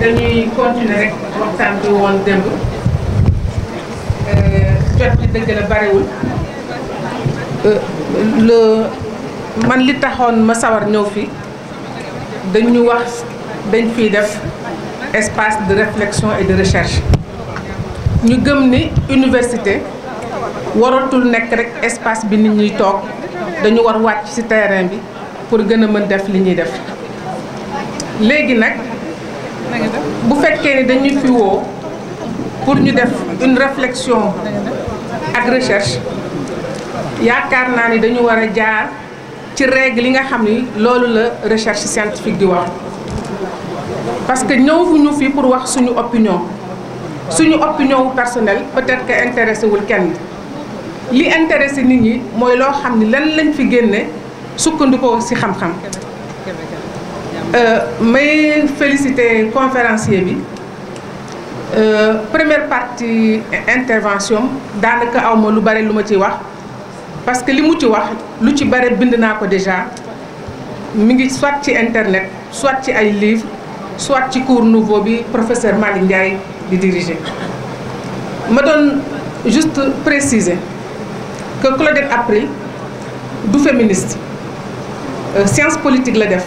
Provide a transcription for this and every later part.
dañuy continuer rek waxtaan bi woon démb euh, jot ci dëgg la barewul euh, le man li taxoon ma sawar ñëw fi dañu wax dañ fiy def espace de réflexion et de recherche ñu gëm ni université waratul nekk rek espace bi nit ñuy toog dañu war wàcc ci terrain bi pour gën a mën def li ñuy def léegi nag bu fekkee ni dañuy fi woo pour ñu def une réflexion ak recherche yaakaar naa ni dañu war a jaar ci règle yi nga xam ni loolu la recherche scientifique di wax parce que ñëwuñu fi pour wax suñu opinion suñu opinion wu personnel peut-être que intéressé wul kenn li intéressé nit ñi mooy loo xam ni lan lañ fi génne sukkandikoo ci xam-xam Euh, may féliciter conférencier bi euh, première partie intervention daanaka awma lu bare lu ma ci wax parce que li mu ci wax lu ci bare bind naa ko déjà mu ngi soit ci internet soit ci ay livres soit ci cours nouveau bi professeur Malick Ndiaye di diriger ma doon juste préciser que de April du féministe euh, science politique la def.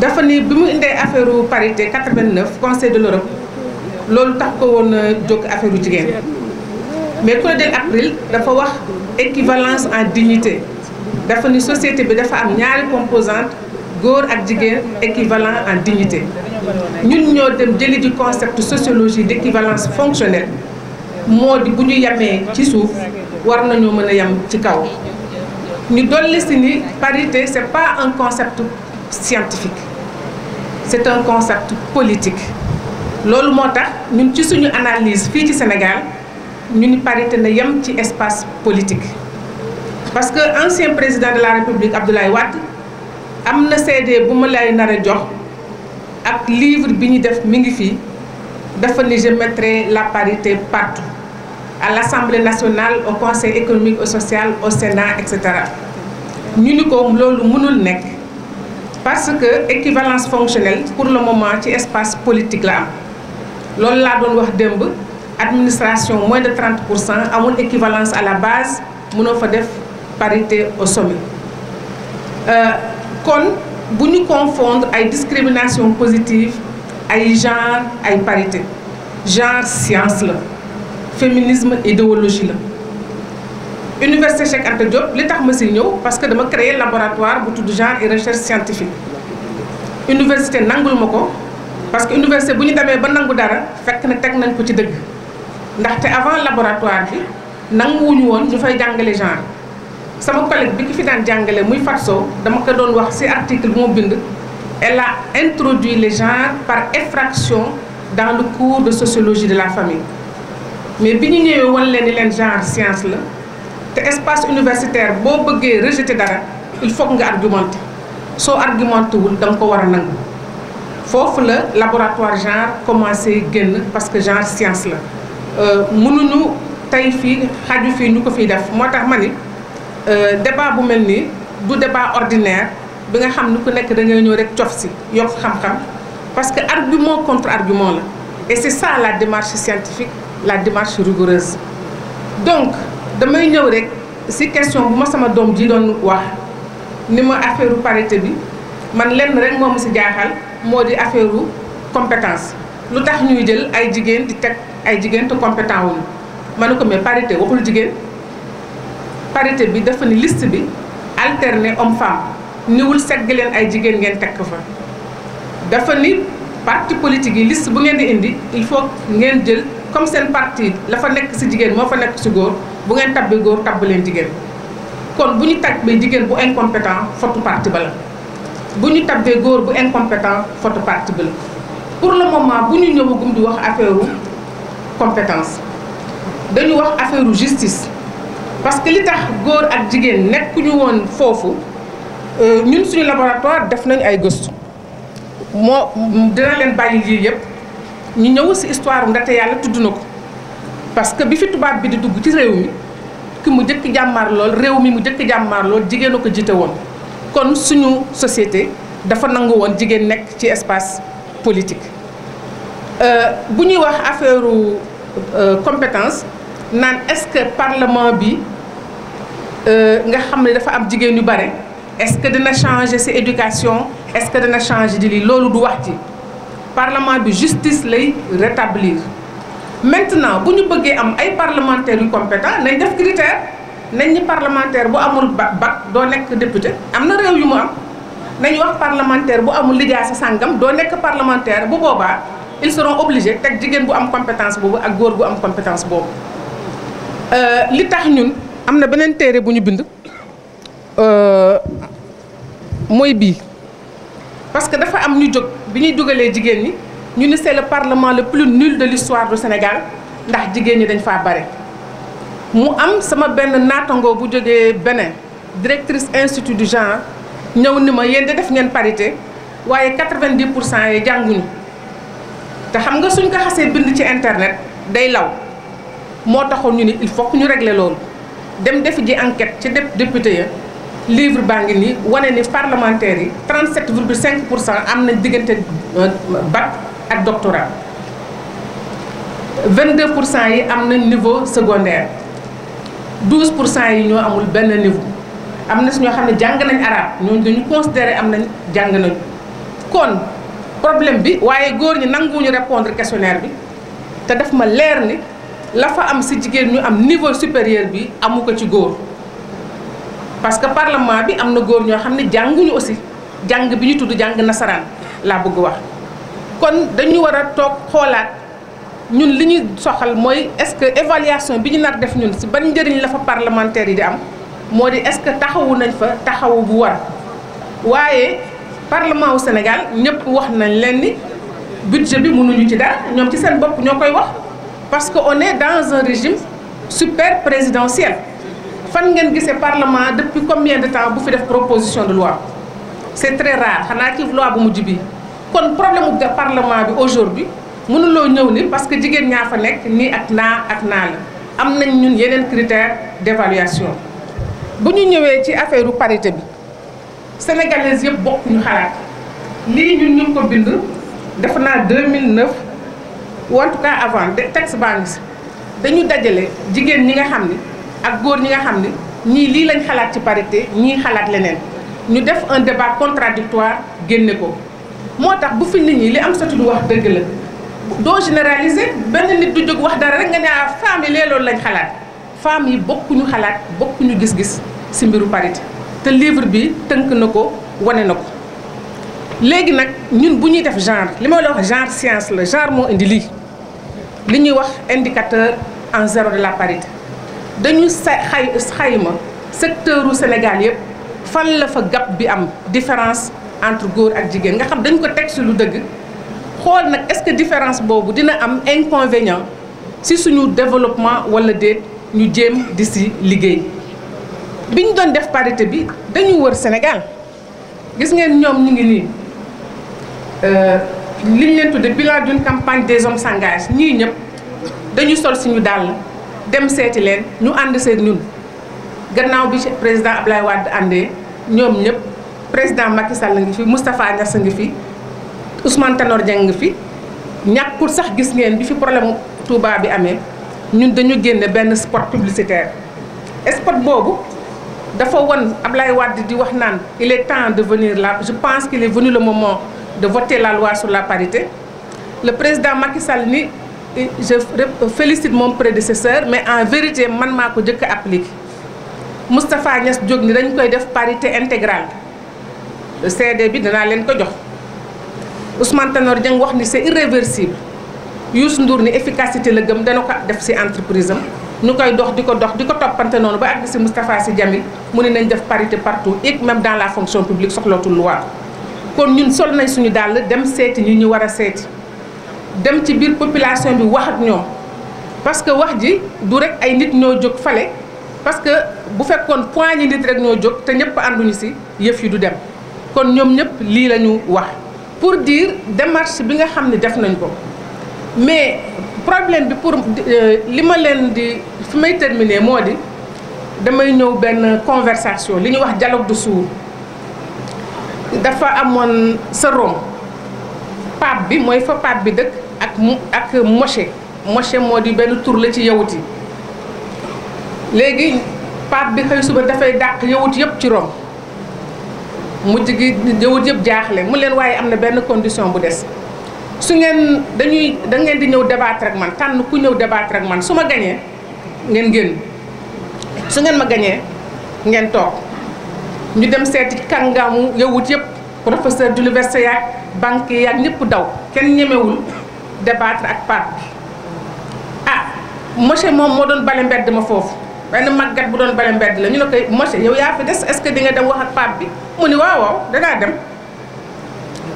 dafa ni bi mu indee affaire parité 89 conseil de l'Europe loolu tax ko woon jóg affaire u jigéen mais colonel April dafa wax équivalence en dignité dafa ni société bi dafa am ñaari composante góor ak jigéen équivalent en dignité ñun ñoo dem jëli di concept sociologie d' équivalence fonctionnelle moo di bu ñu yamee ci suuf war nañoo mën a yam ci kaw ñu dolli ni parité c' est pas un concept scientifique c'est un concept politique loolu moo tax ñun ci suñu analyse fii ci Sénégal ñu ni parité na yem ci espace politique parce que ancien président de la République Abdoulaye Wade am na CD bu ma lay nar a jox ak livre bi ñu def mi ngi fii dafa ni je la parité partout à l'Assemblée nationale au Conseil économique au sociale au Sénat et cetera ñu ni ko loolu mënul nekk parce que équivalence fonctionnelle pour le moment ci espace politique la am loolu laa doon wax démb administration moins de trente pour cent amul équivalence à la base mënoo fa def parité au sommet euh, kon bu ñu confondre ay discrimination positive ay genre ay parité genre science la féminisme idéologie la université Cheikh Anta Diop li tax ma si ñëw parce que dama créer laboratoire bu tudd genre et recherche scientifique université nangul ma ko parce que université bu ñu demee ba nangu dara fekk na teg nañ ko ci dëgg ndaxte avant laboratoire bi nanguwuñu woon ñu fay jàngale genre sama collègue bi ki fi daan jàngale muy Fatso dama ko doon wax ci article bu mu bind elle a introduit les genres par effraction dans le cours de sociologie de la famille mais bi ñu ñëwee woon leen leen genre science la te espace universitaire boo bëggee rejeter dara il faut nga argumenter soo argumenté wul da ko war a nangu foofu la laboratoire genre commencé génn parce que genre science la euh, mënuñu tey fii xaju fii ñu ko fiy def moo tax ma ni euh, débat bu mel nii du débat ordinaire bi nga xam ni ku nekk da ñëw rek cof si yokk xam-xam parce que argument contre argument la et c'est ça la démarche scientifique la démarche rigoureuse donc damay ñëw rek si question bu ma sama doom ji doon wax ni ma affaire parité bi man lenn rek moo ma si jaaxal moo di affaire compétence lu tax ñuy jël ay jigéen di teg ay jigéen te compétent wuñu ma ne ko mais parité waxul jigéen parité bi dafa ni list bi alterné homme femme niwul segg leen ay jigéen ngeen teg fa dafa ni parti politique yi list bu ngeen di indi il faut ngeen jël comme seen parti la fa nekk si jigéen moo fa nekk ci góor bu ngeen tabbee góor tabb leen jigéen kon bu ñu tabbee jigéen bu incompétent fotu parti ba bu ñu tabbee góor bu incompétent fotu parti ba la pour le moment bu ñu ñëwagum di wax affaire compétence dañu wax affaire justice parce que li tax góor ak jigéen nekkuñu woon foofu euh, ñun suñu laboratoire def nañ ay gëstu moo dina leen bàyyi lii yëpp ñu ñëw si histoire Ndate Yàlla tudd na ko parce que bi fi tubaab bi di dugg ci réew mi ki mu jëkk jàmmaar lool réew mi mu jëkk jàmmaar lool jigéen a ko jiite woon kon suñu société dafa nangu woon jigéen nekk ci espace politique euh, bu ñuy wax affaire euh, compétence naan est-ce que parlement bi euh, nga xam ne dafa am jigéen yu bare est-ce que dina changer ci éducation est-ce que dina changer di lii loolu du wax ci parlement bi justice lay rétablir maintenant bu ñu bëggee am ay parlementaire yu compétent nañ def critère nañ ñi parlementaire bu amul ba bac doo nekk député am na réew yu mu am nañ wax parlementaire bu amul lijaasa sàngam doo nekk parlementaire bu boobaa ils seront obligés teg jigéen bu am compétence boobu ak góor bu am compétence boobu euh, li tax ñun am na beneen téere bu ñu bind euh, mooy bii parce que dafa am ñu jóg bi ñuy dugalee jigéen ñi ñu ni c'est le parlement le plus nul de l'histoire du Sénégal ndax jigéen ñi dañ faa bari mu am sama benn naatangoo bu jógee Bénin directrice institut du genre ñëw ni ma yéen di def ngeen parité waaye 90 pour cent yi jànguñu te xam nga suñ ko xasee bind ci internet day law moo taxoon ñu ni il faut que ñu régler loolu dem defi ji enquête ci député ya livre baa ngi nii wane ni parlementaires yi 37 virgule 5 pour cent am nañ diggante euh, bac ak doctorat 22 pour cent yi am na niveau secondaire 12 pour cent yi ñoo amul benn niveau am na si ñoo xam ne jàng nañ arabe ñooñu dañu considéré am nañ jàng nañu kon problème bi waaye góor ñi nanguwuñu répondre questionnaire bi te def ma leer ni la fa am si jigéen ñu am niveau supérieur bi amu ko ci góor parce que parlement bi am na góor ñoo xam ne jànguñu aussi jàng bi ñu tudd jàng nasaraan laa bëgg wax kon dañuy war a toog xoolaat ñun li ñuy soxal mooy est-ce que évaluation bi ñu nar def ñun si ban njëriñ la fa parlementaire yi di am moo di est-ce que taxawu nañ fa taxawu bu war waaye parlement wu Sénégal ñëpp wax nañ leen ni budget bi mënuñu ci dara ñoom ci seen bopp ñoo koy wax parce que on est dans un régime super présidentiel fan ngeen gisee parlement depuis combien de temps bu fi def proposition de loi c'est très rare xanaa ci loi bu mujj bi kon problème de parlement bi aujourd'hui mënuloo ñëw ni parce que jigéen ñaa fa nekk nii ak naa ak naa la am nañ ñun yeneen critère d'évaluation bu ñu ñëwee ci affaire u parité bi sénégalaises yëpp bokk xalaat lii ñun ñu ngi ko bind def naa 2009 ou en tout avant texte baa dañu dajale jigéen ñi nga xam ni ak góor ñi nga xam ni ñii lii lañ xalaat ci parité ñii xalaat leneen ñu def un débat contradictoire génne ko moo tax bu fi nit ñi li am sa tudd wax dëgg la doo généraliser benn nit du jóg wax dara rek nga ne ah femmes yi lee loolu lañ xalaat femmes yi bokkuñu xalaat bokkuñu gis-gis si mbiru parité te livre bi tënk na ko wane na ko. léegi nag ñun bu ñuy def genre li ma la wax genre science la genre moo indi lii li ñuy wax indicateur en zéro de la parité dañu sa xay xayma secteur u Sénégal yëpp fan la fa gap bi am différence. entre góor ak jigéen nga xam dañ ko teg si lu dëgg xool nag est-ce que différence boobu dina am inconvénient si suñu développement walla déet ñu jéem di si liggéey bi ñu doon def parité bi dañu wër Sénégal gis ngeen ñoom ñu ngi nii euh, liñ leen tudde bilan d'une campagne des hommes s'engagent ñii ñëpp dañu sol ñu dàll dem seeti leen ñu ànd seeg ñun gannaaw bi président Ablaye Wade àndee ñoom ñëpp. président Macky Sall ngi fi Moustapha Niass ngi fi Ousmane Tanor Dieng ngi fi ñàkkul sax gis ngeen bi fi problème Touba bi amee ñun dañu génne benn spot publicitaire spot boobu dafa won Ablaye Wade di wax naan il est temps de venir la je pense qu'il est venu le moment de voter la loi sur la parité le président Macky Sall ni je félicite mon prédécesseur mais en vérité man maa ko jëkk appliqué Moustapha Niass jóg ni dañ koy def parité intégrale CD bi danaa leen ko jox Ousmane Tanor Dieng wax ni c'est irréversible Youssou Ndour ni efficacité la gëm dana ko def ci entreprise am ñu koy dox di ko dox di ko toppante noonu ba àgg ci Moustapha Sy Djamil mu ne nañ def parité partout et même dans la fonction publique soxlootul loi kon ñun sol nañ suñu dàll dem seeti ñu ñu war a seeti dem ci biir population bi wax ak ñoom parce que wax ji du rek ay nit ñoo jóg fale parce que bu fekkoon ñi nit rek ñoo jóg te ñëpp ànduñu ci yëf du dem. kon ñoom ñëpp lii lañu wax pour dire démarche bi nga xam ne def nañ ko mais problème bi pour euh, li ma leen di fi may terminer moo di damay ñëw benn conversation li ñuy wax dialogue de sourds dafa amoon sa rom pape bi mooy fa pape bi dëkk ak mu ak moo di benn tur la ci yawut yi léegi pape bi xëy suba dafay dàq yawut yëpp ci rom mujj gi ñëwut yëpp jaaxle mu leen waaye am na benn condition bu des su ngeen dañuy da ngeen di ñëw débattre ak man tànn ku ñëw débattre ak man su ma gañee ngeen génn su ngeen ma gañee ngeen toog ñu dem seeti kàngaamu yëwut yëpp professeur d'université yaag banque yaag ñëpp daw kenn ñemewul débattre ak part bi ah monsieur moom moo doon bale mbedd ma foofu benn màggat bu doon bare mbedd la ñu ne koy monsieur yow yaa fi des est-ce que di nga dem wax ak pape bi mu ni waaw waaw danaa dem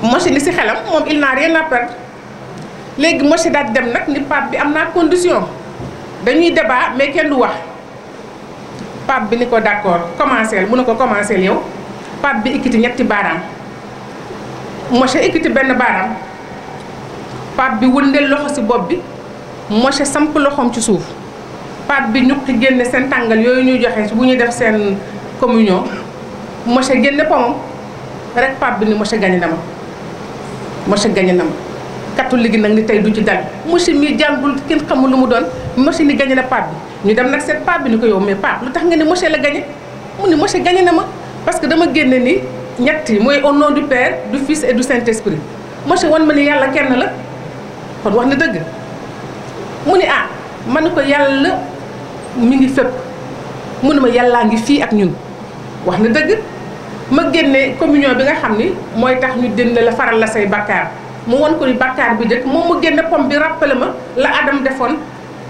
monsieur li si xelam moom il n'a rien à perdre léegi monsieur daal dem nag ni pape bi am naa condition dañuy débat mais kenn du wax pape bi ni ko d'accord commencer mu ne ko commencer yow pape bi ikkiti ñetti baaraam monsieur ikkiti benn baaraam pape bi wëndeel loxo si bopp bi monsieur samp loxoom ci suuf paat bi ñuqi génne seen tàngal yooyu ñuy joxe bu ñuy def seen communion monsieur génne pomam rek pape bi ni monsieur gañe na ma monsieur gañe na ma catholique yi nag ni tey du ci dal monsieur mi jàngul kenn xamul lu mu doon monsieur ni gañe na pape bi ñu dem nag seet pape bi ni ko yow mais pape lu tax nga ni monsieur la gañe mu ni monsieur gañe na ma parce que dama génne ni ñett yi mooy au nom du père du fils et du saint esprit monsieur wan ma ni yàlla kenn la kon wax na dëgg mu ni ah man ko mi ngi fépp mu ne ma yàllaa ngi fii ak ñun wax na dëgg ma génne communion bi nga xam ni mooy tax ñu dënn la faral la say bakkaar mu won ko ni bakkaar bi dëkk moom mu génne pom bi rappelé ma la Adam defoon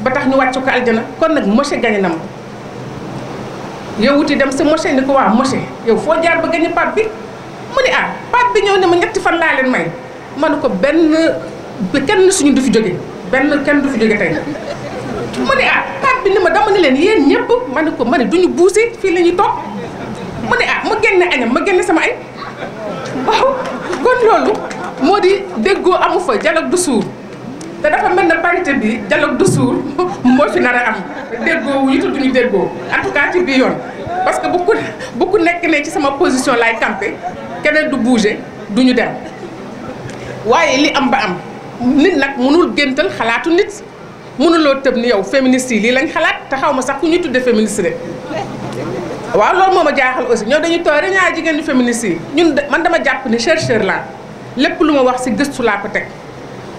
ba tax ñu wàcc ko aljana kon nag Moshe gañe na ma yow wuti dem si Moshe ni ko waa Moshe yow foo jaar ba gañe paat bi mu ni ah paat bi ñëw ne ma ñetti fan laa leen may man ne ko benn kenn suñu du fi jóge benn kenn du fi jóge tey mu ni ah bind ma dama ne leen yéen ñëpp ma ne ko ma ne ñu buusi fii la ñuy toog mu ne ah ma génne añam ma génne sama ay waaw kon loolu moo di déggoo amu fa dialogue du sourd te dafa mel na parité bi dialogue du sourd moo fi nar am déggoo wu ñu tudduñu déggoo en tout cas ci bii yoon parce que bu ku bu nekk ne ci sama position laay campé keneen du bouger du ñu dem waaye li am ba am nit nag mënul géntal xalaatu nit mënuloo tëb ni yow féministes yi lii lañ xalaat te xaw ma sax ku ñu tudde féministe de waaw loolu moo a jaaxal aussi ñoo dañuy toog rek ñaari jigéen ñu féministes yi ñun man dama jàpp ne chercheur laa lépp lu ma wax si gëstu laa ko teg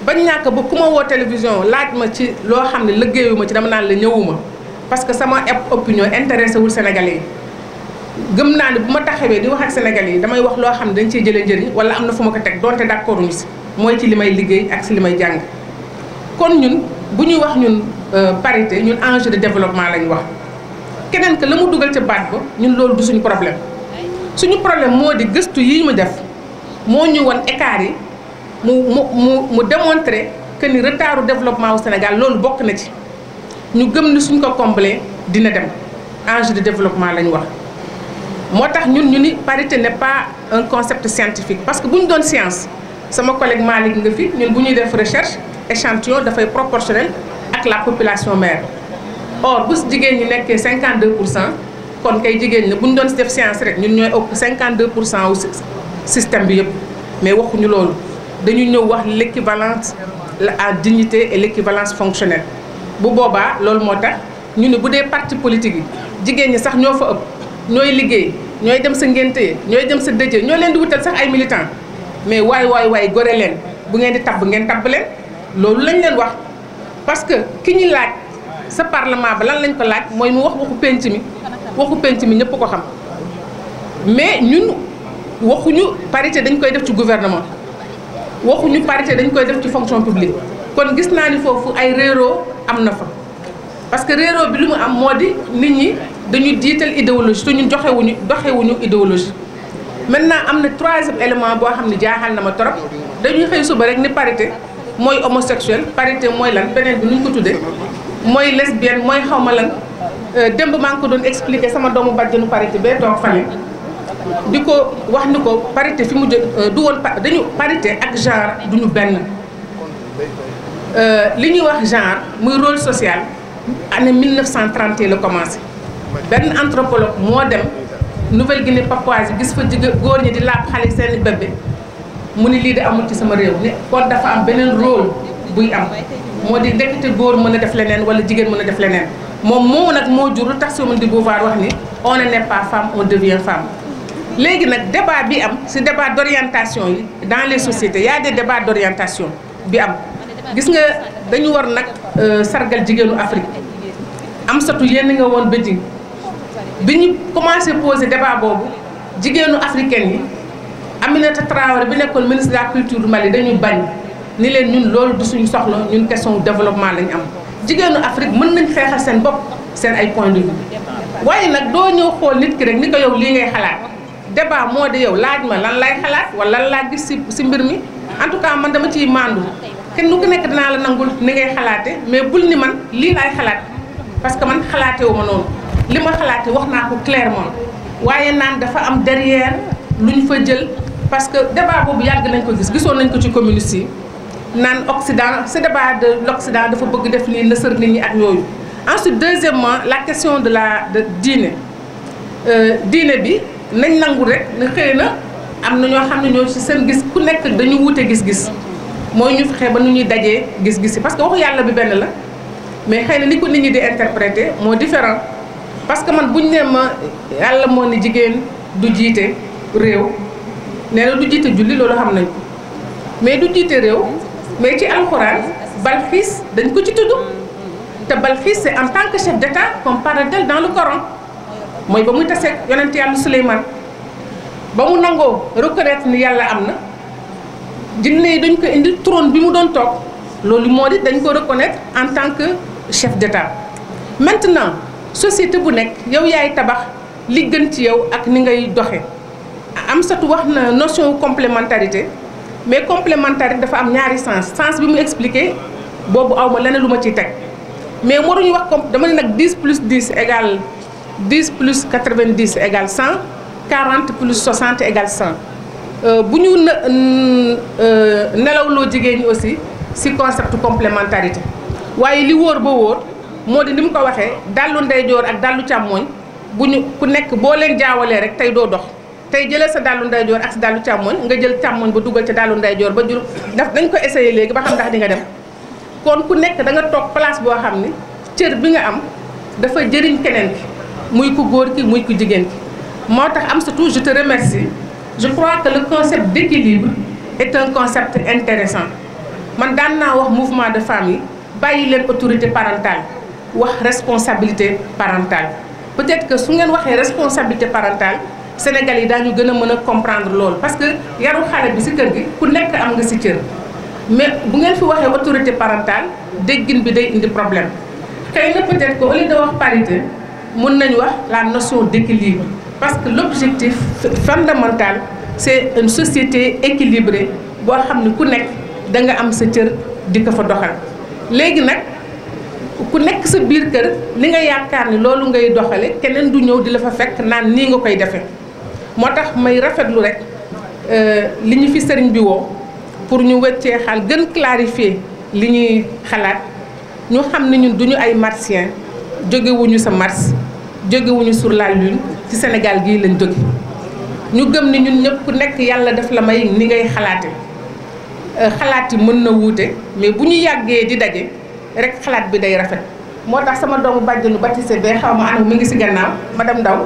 bañ ñàkk ba ku ma woo télévision laaj ma ci loo xam ne liggéeyuma ci dama naan la ñëwuma parce que sama opinion intéressé wul Sénégalais yi gëm naa ne bu ma taxawee di wax ak Sénégalais yi damay wax loo xam ne dañ cee jëlee njëriñ wala am na fu ma ko teg donte d'accord uñu si mooy ci li may liggéey ak si li may jàng bu ñuy wax ñun euh, parité ñun enjeu de développement lañ wax keneen que la mu dugal ca baat ba ñun loolu du suñu problème suñu problème moo di gëstu yi mu def moo ñu won écart yi mu mu mu mu démontrer que ni retardu développement au Sénégal loolu bokk na ci ñu gëm ni suñ ko combler dina dem enjeu de développement lañ wax. moo tax ñun ñu ni parité ne pas un concept scientifique parce que bu ñu doon science sama collègue Malick nga fi ñun bu ñuy def recherche. échantillon dafay proportionnel ak la population mère or bu jigéen ñi nekkee cinquante 52 pour cent kon kay jigéen ñi bu ñu doon def science rek ñun ñooy cinquante 52 pour cent au système bi yëpp mais waxuñu loolu dañu ñëw wax l'équivalence en dignité et l'équivalence fonctionnelle bu boobaa loolu moo tax ñu ne bu dee parti politique yi jigéen ñi sax ñoo fa ëpp ñooy liggéey ñooy dem sa ngénte ñooy dem sa dëje ñoo leen di wutal sax ay militants mais waay waay waay gore leen bu ngeen di tabb ngeen tabb leen loolu lañ leen wax parce que ki ñu laaj sa parlement ba lan lañ ko laaj mooy mu wax waxu penc mi waxu penc mi ñëpp ko xam mais ñun waxuñu parité dañ koy def ci gouvernement waxuñu parité dañ koy def ci fonction publique kon gis naa ni foofu ay réeroo am na fa parce que réeroo bi lu mu am moo di nit ñi dañu diital idéologie te ñun joxewuñu doxewuñu idéologie maintenant am na troisième élément boo xam ne jaaxal na ma trop dañuy xëy suba rek ni parité mooy homosexuel parité mooy lan beneen bi nu ñu ko tuddee mooy lesbienne mooy xaw ma lan euh, démb maa ngi ko doon expliquer sama doomu bàjjenu parité bee toog fan di ko wax ni ko parité fi mu jël euh, du woon dañu parité ak genre duñu benn euh, li ñuy wax genre muy rôle social année 1930 la commencé benn anthropologue moo dem Nouvelle-Guinée Papouasie gis fa jigéen góor ñi di laab xale seeni bébé mu ni lii de amul ci sama réew ne kon dafa am beneen rôle buy am moo di ndekete góor mën a def leneen wala jigéen mën a def leneen moom moo nag moo jur Rotation du Pouvoir wax ni on n'est pas femme on devient femme léegi nag débat bi am si débat d'orientation yi dans les sociétés y a des d'orientation bi am gis nga dañu war nag euh, sargal jigéenu Afrique am satu yéen nga woon Beijing bi ñu commencé poser débat boobu jigéenu africaine yi Aminata Traoré bi nekkoon ministre de la culture du Mali dañu bañ ni leen ñun loolu du suñu soxla ñun question développement lañu am jigéenu Afrique mën nañ feexal seen bopp seen ay point de waaye nag doo ñëw xool nit ki rek ni ko yow lii ngay xalaat débat moo de yow laaj ma lan lay xalaat wala lan laa gis si si mbir mi en tout cas man dama ciy mandu kenn nu ko nekk dinaa la nangul ni ngay xalaate mais bul ni man lii ay xalaat parce que man xalaatee wu ma noonu li ma xalaate wax naa ko clairement waaye naan dafa am derrière lu ñu fa jël parce que débat bu yàgg nañ ko gis gisoon nañ ko ci communiste yi naan Occident ce débat de l' dafa bëgg def nii nësër nit ñi ak yooyu. ensuite deuxièmement la question de la de diine euh, diine bi nañ nangu rek ne xëy na am na ñoo xam ne ñoo ci seen gis ku nekk dañu wuute gis-gis mooy ñu fexe ba nu ñuy dajee gis-gis yi parce que yàlla bi benn la mais xëy na ni ko nit ñi di interpréter moo différent parce que man buñ ne ma yàlla moo ni jigéen du jiite réew. nee na du jiite julli loolu xam nañ ko mais du jiite réew mais ci alxuraan Balxiis dañ ko ci tudd te Balxiis c'est en tant que chef d'état qu'on parle d'elle dans le Coran mooy ba muy taseeg yonent yàlla Suleymaan ba mu nangoo reconnaître ni yàlla am na jinne yi dañ ko indi trône bi mu doon toog loolu moo di dañ ko reconnaître en tant que chef d'état maintenant société bu nekk yow yaay tabax li gën ci yow ak ni ngay doxe am Amsatou wax na notion complémentarité mais complémentarité dafa am ñaari sens sens bi mu expliqué boobu aw ma leneen lu ma ciy teg mais waruñu wax comme dama ne nag 10 plus 10 égale 10 plus 90 égale 100 40 plus 60 égale 100 euh, bu ñu euh, nelawloo jigéen ñi aussi si concept complémentarité waaye li wóor ba wóor moo di ni mu ko waxee dallu ndeyjoor ak dallu càmmooñ bu ñu ku nekk boo leen jaawalee rek tey doo dox. tey jëlee sa dàllu ndeyjoor ak sa dàllu càmmoñ nga jël càmmoñ ba dugal ca dàllu ndeyjoor ba jul ndax dañ ko essayé léegi ba xam ndax di nga dem kon ku nekk da nga toog place boo xam ni cër bi nga am dafa jëriñ keneen ki muy ku góor ki muy ku jigéen ki moo tax am surtout je te remercie je crois que le concept d'équilibre est un concept intéressant man daan naa wax mouvement de femmes yi bàyyi leen autorité parentale wax responsabilité parentale peut-être que su ngeen waxee responsabilité parentale Sénégal yi daañu gën a mën a comprendre loolu parce que yaru xale bi si kër gi ku nekk am nga si cër mais bu ngeen fi waxee autorité parentale déggin bi day indi problème xëy na peut-être que au lieu wax parité mun nañu wax la notion d'équilibre parce que l'objectif fondamental c'est une société équilibrée boo xam ne ku nekk da nga am sa cër di ko fa doxal léegi nag ku nekk sa biir kër li nga yaakaar ni loolu ngay doxale keneen du ñëw di la fa fekk naan nii nga koy defee moo tax may rafetlu rek euh, li ñu fi sëriñ bi woo pour ñu wëccee xal gën clarifier li ñuy xalaat ñu xam ne ñun duñu ay martien jógewuñu sa Mars jógewuñu sur la lune ci Sénégal gii lañ jóge ñu gëm ni ñun ñëpp ku nekk yàlla def la may ni ngay xalaate euh, xalaat yi mën na wuute mais bu ñu yàggee di daje rek xalaat bi day rafet moo tax sama doomu bàjjenu bâtissé ba xaw ma ana mu ngi si gannaaw ma dem Ndaw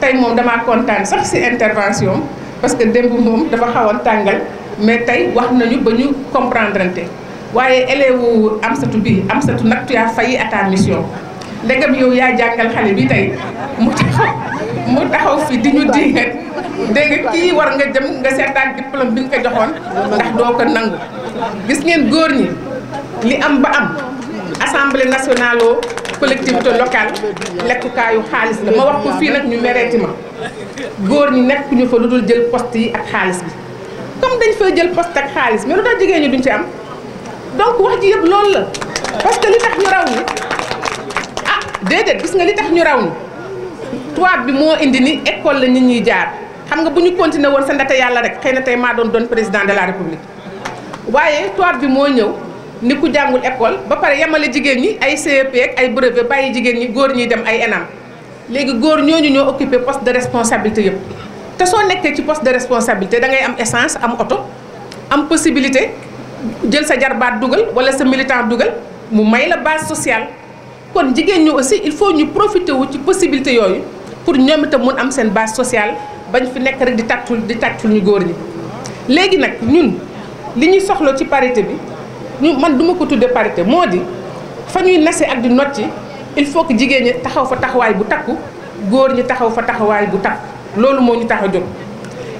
tey moom damaa kontaan sax ci intervention parce que démb moom dafa xawoon tàngal mais tey wax nañu ba ñu comprendre waaye élève wu Amsatou bi Amsatou nag tu as failli à ta mission ndegam yow yaa jàngal xale bi tey mu taxaw mu taxaw fi di ñu di dégg nga kii war nga jëm nga seetaan diplôme bi nga ko joxoon ndax doo ko nangu gis ngeen góor ñi li am ba am assemblée nationale collectivité locale lekkukaayu xaalis la ma wax ko fii nag ñu mereeti ma góor ñi nekk ñu fa lu dul jël poste yi ak xaalis bi comme dañ fay jël poste ak xaalis mais lu tax jigéen ñi duñ ci am donc wax ji yëpp lool la parce que li tax ñu raw ni ah déedéet gis nga li tax ñu raw ni tubaab bi moo indi ni école la nit ñuy jaar xam nga bu ñu continuer woon sa ndata yàlla rek xëy na tey maa doon doon président de la république waaye tubaab bi moo ñëw ni ku jàngul école ba pare yemale jigéen ñi ay CEP ay brevet bàyyi jigéen ñi góor ñi dem ay ENAM léegi góor ñooñu ñoo occupé poste de responsabilité yëpp te soo nekkee ci poste de responsabilité da ngay am essence am oto am possibilité jël sa jarbaat dugal wala sa militant dugal mu may la base sociale kon jigéen ñu aussi il faut ñu profiter wu ci possibilité yooyu pour ñoom itam mun am seen base sociale ñu fi nekk rek di tàccul di tàccul ñu góor ñi léegi nag ñun li ñuy soxla ci parité bi ñu man du ko tudde parité moo di fa ñuy nase ak di nocci il faut que jigéen ñi taxaw fa taxawaay bu takku góor ñi taxaw fa taxawaay bu takku loolu moo ñu tax a jóg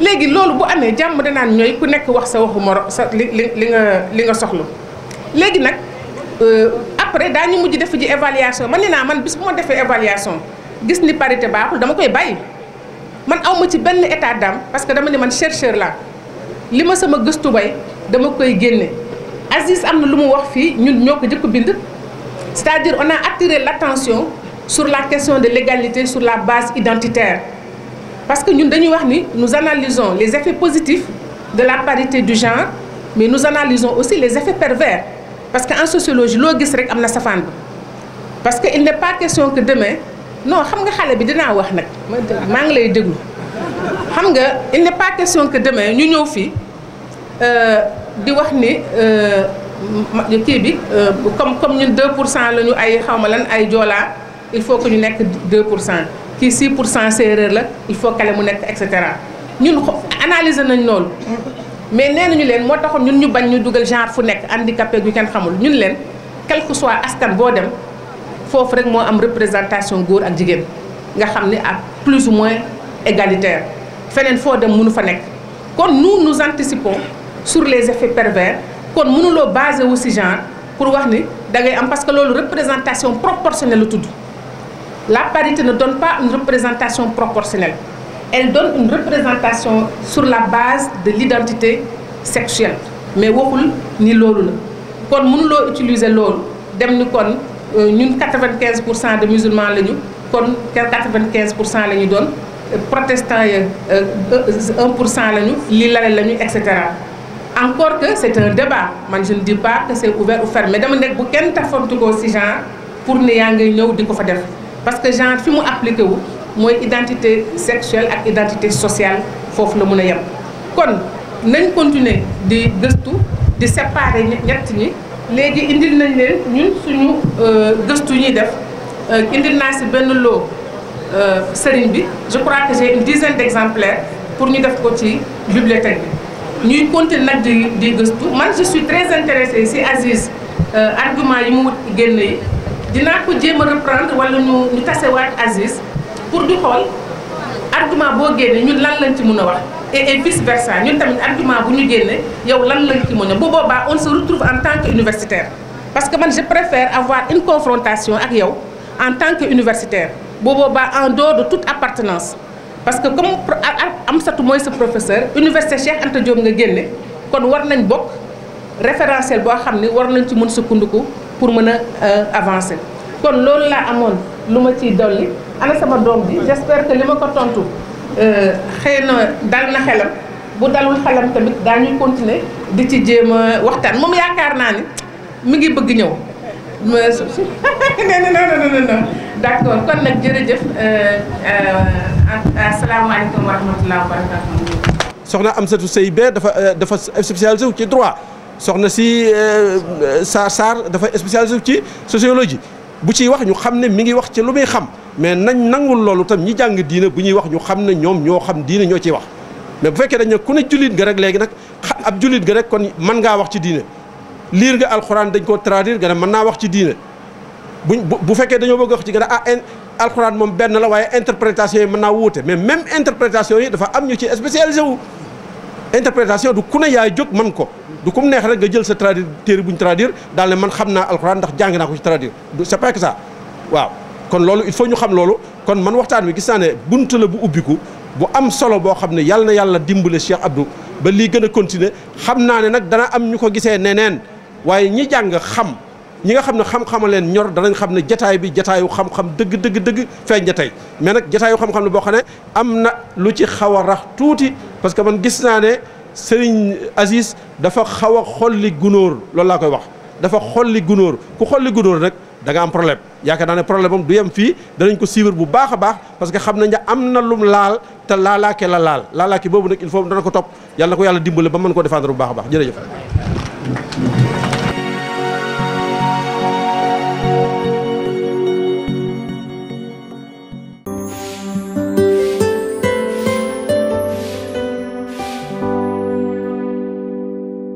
léegi loolu bu amee jàmm danaan ñooy ku nekk wax sa waxu moro sa li li li nga li nga soxla léegi nag euh, après ñu mujj def ji évaluation man ne naa man bis bu ma defee évaluation gis ni parité baaxul dama koy bàyyi man aw ma ci benn état d'âme parce que dama ne man chercheur laa li ma sama gëstu bay dama koy génne Aziz am na lu mu wax fii ñun ñoo ko jëkk bind c'est-à-dire on a attiré l'attention sur la question de l'égalité sur la base identitaire parce que ñun dañuy wax ni nous analysons les effets positifs de la parité du genre mais nous analysons aussi les effets pervers parce que en sociologie loo gis rek am na safaan bi parce que il n'est pas question que demain non xam nga xale bi dinaa wax nag maa ngi lay déglu xam nga il n'est pas question que demain ñu ñëw fii euh, di wax ni euh, kii bi euh, comme comme ñun deux pour cent la ñu ay xaw ma lan ay joolaa il faut que ñu nekk 2 pour cent ki 6 pour cent séeréer la il faut kale mu nekk et cetera ñun analyser nañ loolu. mais nee nañu leen moo taxoon ñun ñu bañ ñu dugal genre fu nekk handicapé yu kenn xamul ñun leen quel que askan boo dem foofu rek moo am représentation góor ak jigéen nga xam ni ak plus ou moins égalitaire feneen foo dem mënu fa nekk kon nous nous anticipons. sur les effets pervers kon mënuloo basé wu si genre pour wax ni da ngay am parce que loolu représentation proportionnelle la tudd la parité ne donne pas une représentation proportionnelle elle donne une représentation sur la base de l'identité sexuelle mais waxul ni loolu la kon mënuloo utiliser loolu dem ni kon euh, ñun 95 pour cent de musulmans lañu kon 95 pour cent la ñu doon protestants ya 1 euh, euh, pour cent lañu lii lale lañu et cetera. encore que c'est un débat man je ne dis pas que c'est ouvert ou fermé dama nekk bu kenn tafantukoo si genre pour ne yaa ngay ñëw di ko fa def parce que genre fi mu appliqué wu mooy identité sexuelle ak identité sociale foofu la mun a yem kon nañ continuer di gëstu di séparer ñett ñi léegi indil nañ leen ñun suñu euh, gëstu ñuy def euh, indi naa si benn loo euh, sëriñ bi je crois que j'ai une dizaine d'exemplaires pour ñu def ko ci bibliothèque bi ñuy continuer nag di di gëstu man je suis très intéressée si Aziz euh, argument yi mu wut génn yi dinaa ko jéem a reprendre wala ñu ñu tasewaat Aziz pour di xool argument boo génne ñun lan lañ ci mun a wax et et vice versa ñun tamit argument bu ñu génne yow lan lañ ci mun a bu boobaa on se retrouve en tant que universitaire parce que man je préfère avoir une confrontation ak yow en tant que universitaire bu boobaa en dehors de toute appartenance parce que comme Amsatou mooy sa professeur université Cheikh Anta Diop nga génne kon war nañ bokk référentiel boo xam ni war nañ ci mën sukkandiku pour mën a euh, avancé kon loolu laa amoon lu ma ciy dolli ana sama doom bi j'espère que li ma ko tontu euh, xëy na dal na xelam bu dalul xelam tamit daañuy continuer di ci jéem a waxtaan moom yaakaar naa ni mu ngi bëgg ñëw non non non non d'accord kon nag jërëjëf euh, euh, euh, asalaamaaleykum wa rahmatulah wa barakatuh. soxna Amsatou Seye Be dafa dafa spécialisé wu ci droit soxna si Sarr Sarr dafa spécialisé wu ci sociologie bu ciy wax ñu xam ne mi ngi wax ci lu muy xam mais nañ nangul loolu tam ñi jàng diina bu ñuy wax ñu xam ne ñoom ñoo xam diina ñoo ciy wax. mais bu fekkee dañ ne ku ne jullit nga rek léegi nag ab jullit nga rek kon mën ngaa wax ci diine liir nga alxuraan dañ ko traduire nga ne mën naa wax ci diine. buñ bu fekkee dañoo bëgg wax ci gën a ah alxuraan moom benn la waaye interprétation yi mën naa wuute mais même interprétation yi dafa am ñu ci spécialisé wu. interprétation du ku ne yaay jóg man ko du kum neex rek nga jël sa traduire téere bu ñu traduire daal ne man xam naa alxuraan ndax jàng naa ko ci traduire du c'est pas waaw. kon loolu il faut ñu xam loolu kon man waxtaan wi gis naa ne bunt la bu ubbiku bu am solo boo xam ne yàlla na yàlla dimbale Cheikh Abdou ba lii gën a continuer xam naa ne nag dana am ñu ko gisee neneen waaye ñi jàng xam. ñi nga xam ne xam-xama leen ñor danañ xam ne jataay bi jataayu xam-xam dëgg dëgg dëgg feeñ na tey mais nag jataayu xam-xam la boo xam ne am na lu ci xaw a rax tuuti parce que man gis naa ne Serigne Aziz dafa xaw a xolli gunóor loolu laa koy wax dafa xolli gunóor ku xolli gunóor rek da nga am problème yaakaar naa ne problème am du yem fii danañ ko suivre bu baax a baax parce que xam nañ ne am na lum laal te laalaake la laal laalaake boobu nag il faut dana ko topp yàlla ko yàlla dimbale ba mën ko défendre bu baax a baax jërëjëf